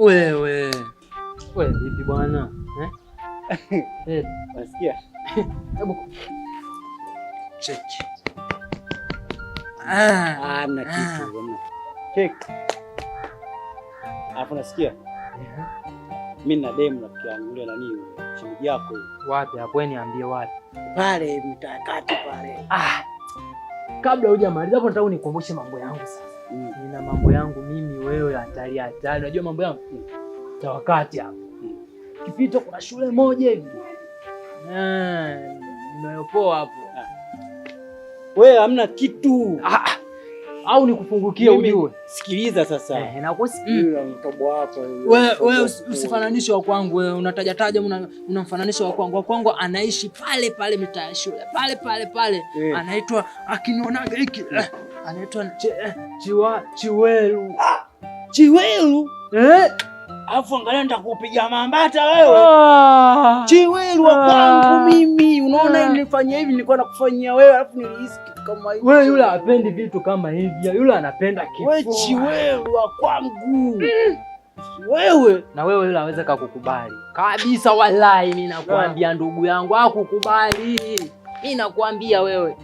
Wewe we vipi bwana eh? Nasikia hebu cheki. Ah, ah mna ah. kitu mna cheki. Hapo nasikia mimi eh? na demu rafiki yangu yule nani yule shilingi yako wapi hapo? Niambie wapi? Pale mtakati pale. Ah, kabla hujamaliza hapo nataka unikumbushe mambo yangu sasa mambo yangu mimi, wewe hatari hatari. Unajua mambo yangu ta hmm. wakati hapo hmm. kipito, kuna shule moja hivi eh, nimeokoa hapo. Ah. Wewe hamna kitu ah, ah. au nikupungukie ujue. Sikiliza sasa, eh, na nakusikiliza hmm. mtobo hapo. Wewe wewe usifananishe wa kwangu, wewe unataja taja, unamfananisha wa kwangu. Wa kwangu anaishi pale pale mitaa ya shule pale pale pale, eh. anaitwa akinionaga hiki eh anaitwa eh, Chiwa Chiwelu. Ah, Chiwelu? Eh? Alafu angalia nitakupiga mambata wewe. Ah, Chiwelu wa kwangu ah. mimi. Unaona ah. nilifanya hivi nilikuwa nakufanyia wewe alafu nilihisi kitu kama hivi. Wewe yule apendi vitu kama hivi. Yule anapenda kifo. Wewe Chiwelu wa kwangu. Mm. Wewe na wewe yule aweze kakukubali kabisa, wallahi nakwambia ndugu yangu akukubali, mimi nakwambia wewe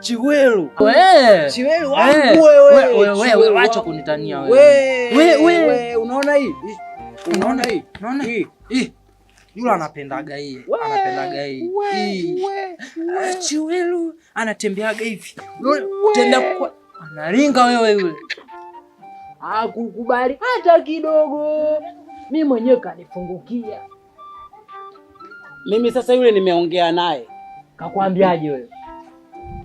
Chiwelu. Wewe. Chiwelu wangu wewe. Wewe wewe acha kunitania wewe. Wewe wewe unaona hii? Unaona hii? Unaona hii? Hii. Yule anapendaga hii. Anapendaga hii. Hii. Wewe. Ah, Chiwelu anatembeaga hivi. Tenda kwa analinga wewe yule. Hakukubali hata kidogo. Mimi mwenyewe kanifungukia. Mimi sasa yule nimeongea naye. Kakwambiaje wewe?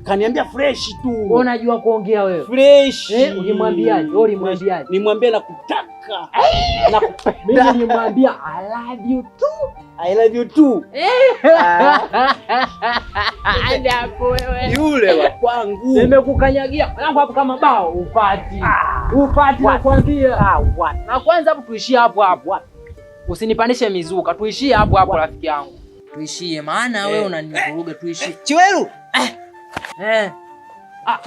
Kaniambia fresh tu. Wewe unajua kuongea wewe. Fresh. Eh, ulimwambiaje? Wewe ulimwambiaje? Nimwambia kutaka. Eh! Na Mimi nimwambia I love you too. I love you too. Eh. Ah. Hapo wewe. Yule wa kwangu. Nimekukanyagia kwangu hapo kama bao upati. Ah. Upati ah, what? Na kwanza hapo tuishie hapo hapo. Usinipandishe mizuka, tuishie hapo hapo rafiki yangu. Tuishie maana wewe eh. unanivuruga tuishie. Eh, Chiweru. Eh. Eh. Ah,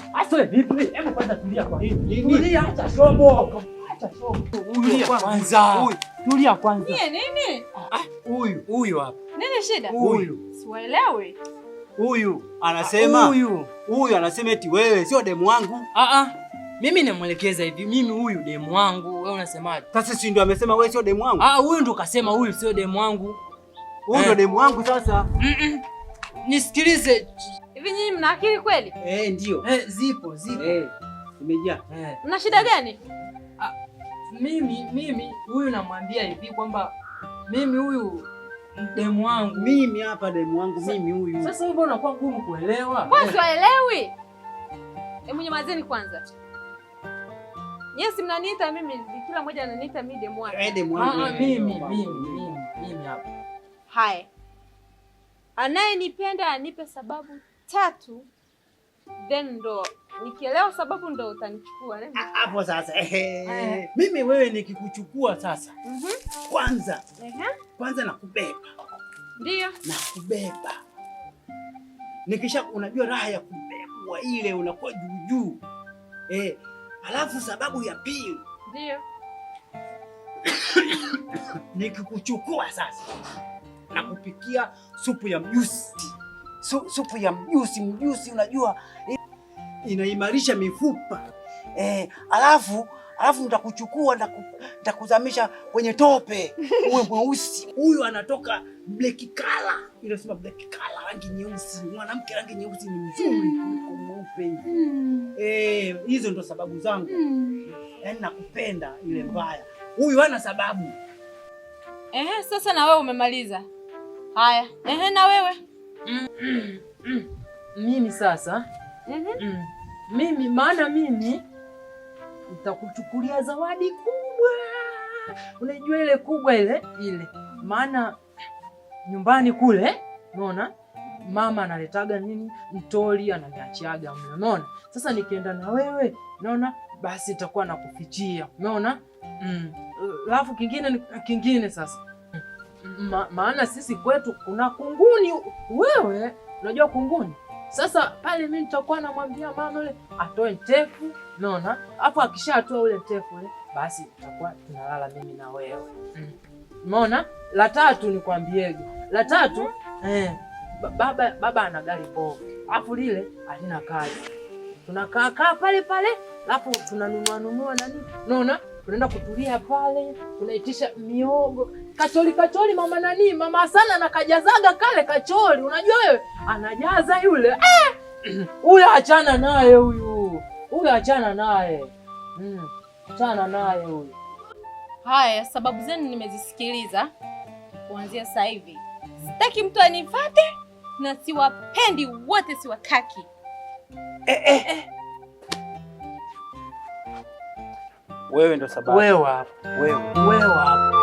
vipi? Ah, hebu kwanza tulia kwa hivi. Tulia acha shobo. Acha shobo. Tulia kwanza. tulia kwanza. Ni nini? Ah, huyu, huyu hapa. Nini shida? Huyu. Siwaelewi. Huyu anasema huyu. Huyu anasema eti wewe sio demu wangu. Ah ah. Mimi namwelekeza hivi, mimi huyu demu wangu, wewe unasemaje? Sasa si ndio amesema wewe sio demu wangu? Ah, huyu ndo kasema huyu sio demu wangu. Huyu ndo eh. demu wangu sasa. Mm -mm. Nisikilize hivi nyinyi mna akili kweli? Eh, ndio. Eh, zipo zipo. Eh. Imejaa. Eh. Mna shida gani? Ah, mimi mimi huyu namwambia hivi kwamba mimi huyu demu wangu mimi hapa demu wangu mimi huyu. Sasa hivi mbona kwa ngumu kuelewa? Kwa sielewi. Hebu nyamazeni kwanza. Yes, mnaniita mimi, kila mmoja ananiita mimi demu wangu. Eh, demu wangu. Ah, ah, mimi mimi mimi mimi hapa. Hai. Anayenipenda anipe sababu tatu, then ndo nikielewa sababu ndo utanichukua eh? hapo sasa. Hey, eh. mimi wewe nikikuchukua sasa, mm -hmm. Kwanza Ehe. Kwanza nakubeba, ndio nakubeba, nikisha unajua raha ya kubebwa ile, unakuwa juu juu eh. Alafu sababu ya pili ndio nikikuchukua sasa na kupikia supu ya mjusi. Su, supu ya mjusi, mjusi unajua inaimarisha mifupa eh, alafu alafu nitakuchukua nitakuzamisha kwenye tope uwe mweusi. Huyu anatoka black color, inasema black color, rangi nyeusi. Mwanamke rangi nyeusi ni nzuri kuliko mweupe Eh, Hizo ndo sababu zangu, yaani nakupenda ile mbaya. Huyu hana sababu eh. Sasa na wewe umemaliza? Haya, ehe, na wewe mm, mm, mm. Mimi sasa Mimi maana mimi nitakuchukulia zawadi kubwa, unajua ile kubwa ile ile, maana nyumbani kule unaona mama analetaga nini mtori ananiachiaga unaona. Sasa nikienda na wewe unaona, basi itakuwa nakufichia, unaona. Alafu mm. kingine kingine sasa ma, maana sisi kwetu kuna kunguni. Wewe unajua kunguni? Sasa pale mimi nitakuwa namwambia mama yule atoe ntefu, naona hapo. Akishatoa ule ntefu ule, basi tutakuwa tunalala mimi na wewe mm. umeona. Mm. La tatu nikwambiege, la tatu eh, baba baba ana gari bovu, alafu lile halina kazi, tunakaa kaa pale pale, alafu tunanunua nunua nani, naona unaenda kutulia pale, unaitisha miogo kacholi, kacholi mama nani, mama sana nakajazaga kale kacholi, unajua wewe, anajaza yule eh! huyo achana naye huyu, huyo achana naye mm, achana naye huyu. Haya, sababu zenu nimezisikiliza. Kuanzia sasa hivi sitaki mtu anifate na siwapendi wote, siwataki eh, eh. Eh. Wewe ndo sababu. Wewe hapo. Wewe. Wewe hapo.